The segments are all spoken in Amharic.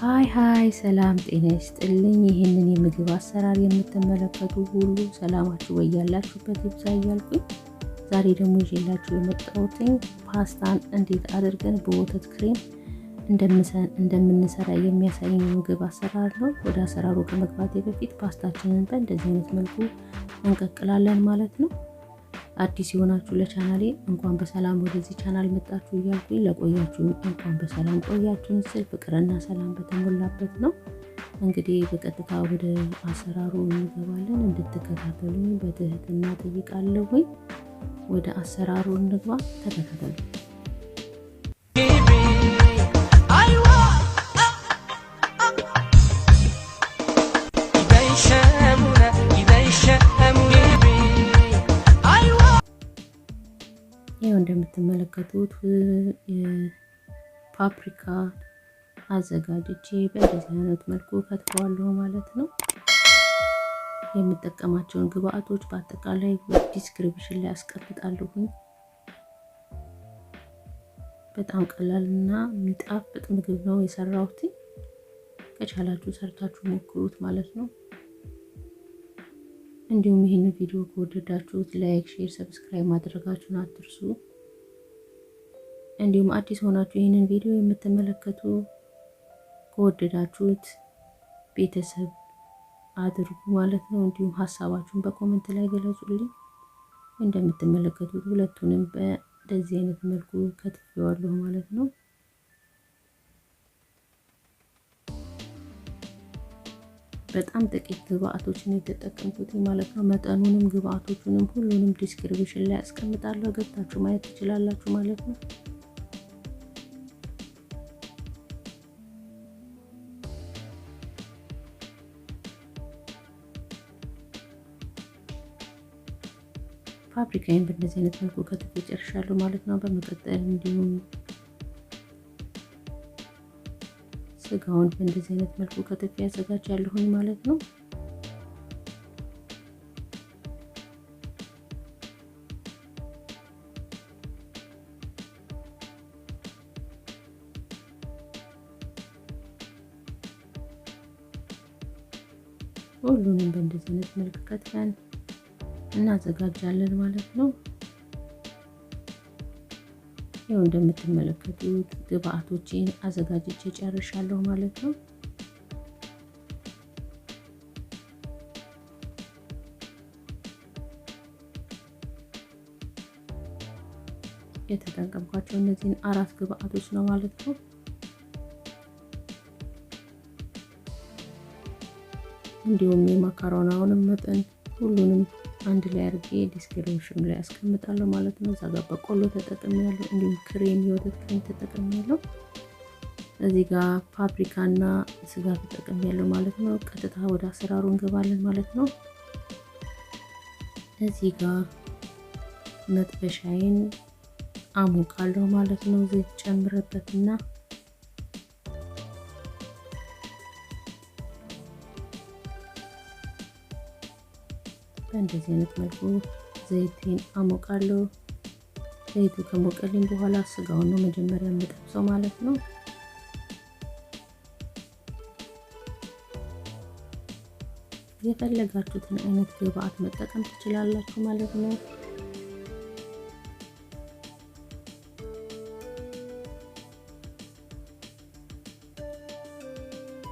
ሀይ ሀይ ሰላም ጤና ይስጥልኝ። ይህንን የምግብ አሰራር የምትመለከቱ ሁሉ ሰላማችሁ በያላችሁበት ይብዛ እያልኩኝ ዛሬ ደግሞ ይዤላችሁ የመጣሁትኝ ፓስታን እንዴት አድርገን በወተት ክሬም እንደምንሰራ የሚያሳይ የምግብ አሰራር ነው። ወደ አሰራሩ ከመግባቴ በፊት ፓስታችንን በእንደዚህ አይነት መልኩ እንቀቅላለን ማለት ነው። አዲስ የሆናችሁ ለቻናሌ እንኳን በሰላም ወደዚህ ቻናል መጣችሁ እያልኩኝ ለቆያችሁኝ እንኳን በሰላም ቆያችሁን ስል ፍቅርና ሰላም በተሞላበት ነው። እንግዲህ በቀጥታ ወደ አሰራሩ እንገባለን። እንድትከታተሉኝ በትህትና ጠይቃለሁኝ። ወደ አሰራሩ እንግባ፣ ተከታተሉ። እንደምትመለከቱት ፓፕሪካ አዘጋጅቼ በእንደዚህ አይነት መልኩ ከትፈዋለሁ ማለት ነው። የምጠቀማቸውን ግብአቶች በአጠቃላይ ዲስክሪፕሽን ላይ አስቀምጣለሁ። በጣም ቀላልና የሚጣፍጥ ምግብ ነው የሰራሁት። ከቻላችሁ ሰርታችሁ ሞክሩት ማለት ነው። እንዲሁም ይህን ቪዲዮ ከወደዳችሁት ላይክ፣ ሼር፣ ሰብስክራይብ ማድረጋችሁን አትርሱ። እንዲሁም አዲስ ሆናችሁ ይህንን ቪዲዮ የምትመለከቱ ከወደዳችሁት ቤተሰብ አድርጉ ማለት ነው። እንዲሁም ሀሳባችሁን በኮመንት ላይ ገለጹልኝ። እንደምትመለከቱት ሁለቱንም በእንደዚህ አይነት መልኩ ከትፌዋለሁ ማለት ነው። በጣም ጥቂት ግብአቶችን የተጠቀምኩት ማለት ነው። መጠኑንም ግብአቶቹንም ሁሉንም ዲስክሪፕሽን ላይ አስቀምጣለሁ ገብታችሁ ማየት ትችላላችሁ ማለት ነው። ፋብሪካዬን በእንደዚህ አይነት መልኩ ከትፌ ጨርሻለሁ ማለት ነው። በመቀጠል እንዲሁም ስጋውን በእንደዚህ አይነት መልኩ ከትፌ ያዘጋጅ ያለሁኝ ማለት ነው። ሁሉንም በእንደዚህ አይነት መልክ ከትፈን እናዘጋጃለን ማለት ነው። ይው እንደምትመለከቱት ግብአቶችን አዘጋጅቼ ጨርሻለሁ ማለት ነው። የተጠቀምኳቸው እነዚህን አራት ግብአቶች ነው ማለት ነው። እንዲሁም የማካሮናውንም መጠን ሁሉንም አንድ ላይ አድርጌ ዲስክሪፕሽን ላይ አስቀምጣለሁ ማለት ነው። እዛ ጋር በቆሎ ተጠቅሜያለሁ፣ እንዲሁም ክሬም የወተት ክሬም ተጠቅሜያለሁ። እዚህ ጋር ፓፕሪካና ስጋ ተጠቅሜያለሁ ማለት ነው። ቀጥታ ወደ አሰራሩ እንገባለን ማለት ነው። እዚህ ጋር መጥበሻዬን አሞቃለሁ ማለት ነው። ዘይት ጨምረበትና በእንደዚህ አይነት መልኩ ዘይቴን አሞቃለሁ። ዘይቱ ከሞቀልኝ በኋላ ስጋውን ነው መጀመሪያ የምጠብሰው ማለት ነው። የፈለጋችሁትን አይነት ግብአት መጠቀም ትችላላችሁ ማለት ነው።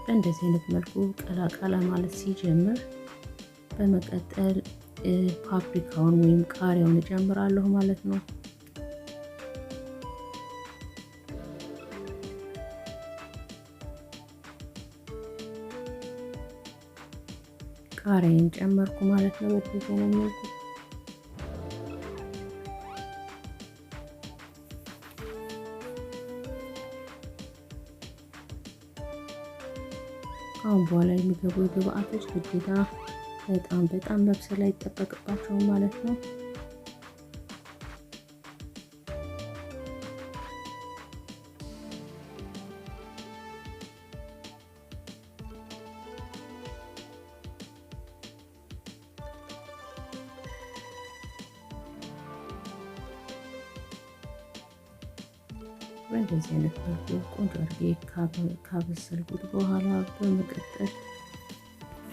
በእንደዚህ አይነት መልኩ ቀላቀላ ማለት ሲጀምር በመቀጠል ፓፕሪካውን ወይም ቃሪያውን እጨምራለሁ ማለት ነው። ቃሪያን ጨመርኩ ማለት ነው። በዚህ ነው አሁን በኋላ የሚገቡ ግብአቶች ግዴታ በጣም በጣም መብሰል አይጠበቅባቸውም ማለት ነው። በእንደዚህ አይነት መልኩ ቆንጆ አድርጌ ካበሰልኩት በኋላ በመቀጠል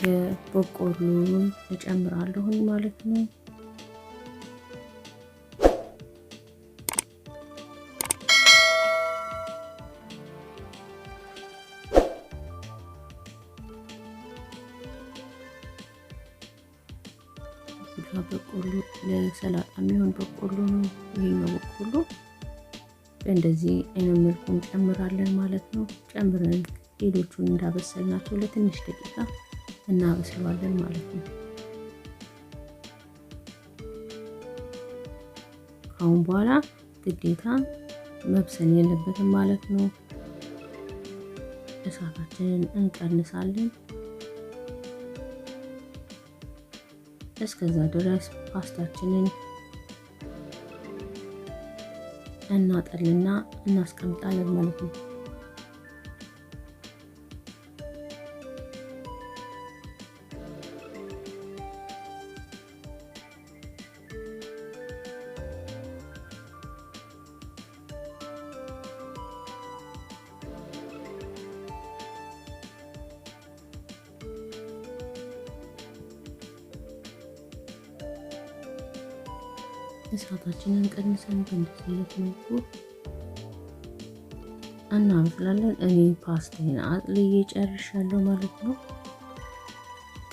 የበቆሎ እጨምራለሁኝ ማለት ነው። በቆሎ ለሰላጣ የሚሆን በቆሎ ነው። ነው በቆሎ በእንደዚህ አይነት መልኩ እንጨምራለን ማለት ነው። ጨምረን ሌሎቹን እንዳበሰልናቸው ለትንሽ ደቂቃ እናበስለዋለን ማለት ነው። ካሁን በኋላ ግዴታ መብሰል የለበትም ማለት ነው። እሳታችንን እንቀንሳለን። እስከዛ ድረስ ፓስታችንን እናጠልና እናስቀምጣለን ማለት ነው። እሳታችንን ቀንሰን በእንደዚህ አይነት መልኩ እናበስላለን። እኔ ፓስታዬን አጥልዬ ጨርሻለሁ ማለት ነው።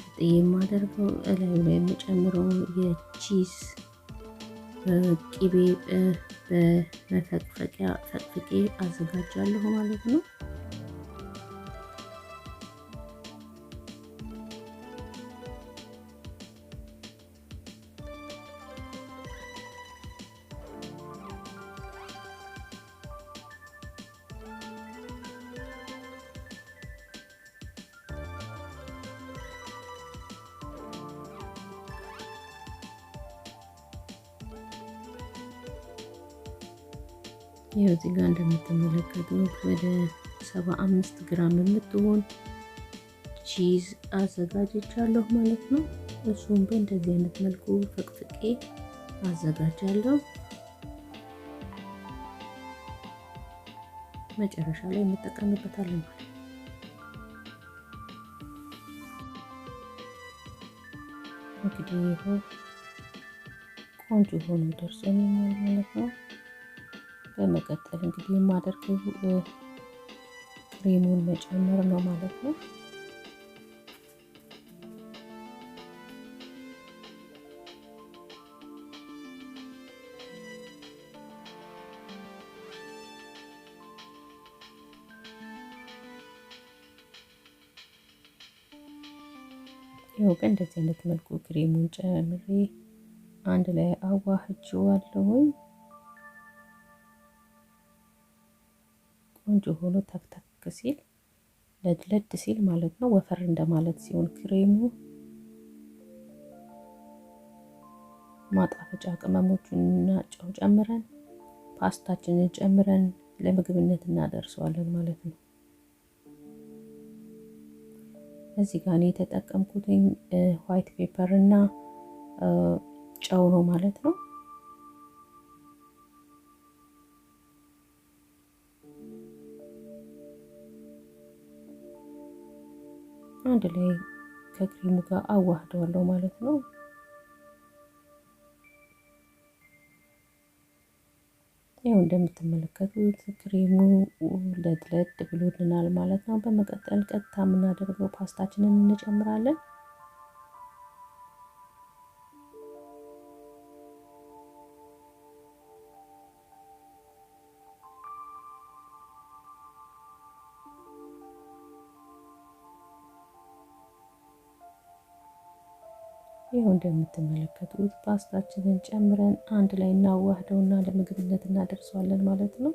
ቀጥዬ የማደርገው እላዩ ላይ የምጨምረው የቺዝ በቂቤ በመፈቅፈቂያ ፈቅፍቄ አዘጋጃለሁ ማለት ነው። ይህ እዚህ ጋር እንደምትመለከቱት ወደ 75 ግራም የምትሆን ቺዝ አዘጋጅቻለሁ ማለት ነው። እሱም በእንደዚህ አይነት መልኩ ፍቅፍቄ አዘጋጃለሁ። መጨረሻ ላይ እንጠቀምበታለን ማለት ነው። እንግዲህ ይኸው ቆንጆ ሆኖ ደርሶኛል ማለት ነው። በመቀጠል እንግዲህ የማደርገው ክሬሙን መጨመር ነው ማለት ነው። ይኸው በእንደዚህ አይነት መልኩ ክሬሙን ጨምሬ አንድ ላይ አዋህጅዋለሁኝ። ቆንጆ ሆኖ ተክተክ ሲል ለድለድ ሲል ማለት ነው። ወፈር እንደማለት ሲሆን ክሬሙ ማጣፈጫ ቅመሞቹንና ጨው ጨምረን ፓስታችንን ጨምረን ለምግብነት እናደርሰዋለን ማለት ነው። እዚህ ጋር የተጠቀምኩትኝ ዋይት ፔፐር እና ጨው ነው ማለት ነው። አንድ ላይ ከክሪሙ ጋር አዋህደዋለሁ ማለት ነው። ያው እንደምትመለከቱት ክሬሙ ለድለድ ብሎልናል ማለት ነው። በመቀጠል ቀጥታ የምናደርገው ፓስታችንን እንጨምራለን። ይኸው እንደምትመለከቱት ፓስታችንን ጨምረን አንድ ላይ እናዋህደውና ለምግብነት እናደርሰዋለን ማለት ነው።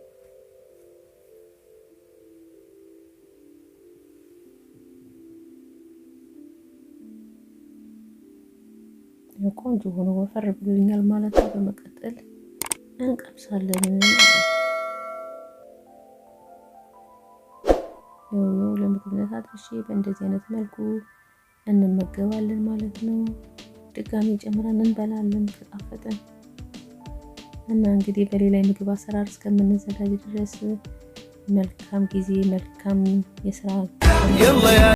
ቆንጆ ሆኖ ወፈር ብሎኛል ማለት ነው። በመቀጠል እንቀምሳለን። ለምግብነት አድርሼ በእንደዚህ አይነት መልኩ እንመገባለን ማለት ነው። ድጋሚ ጨምረን እንበላለን ከጣፈጠን እና እንግዲህ በሌላ የምግብ አሰራር እስከምንዘጋጅ ድረስ መልካም ጊዜ፣ መልካም የስራ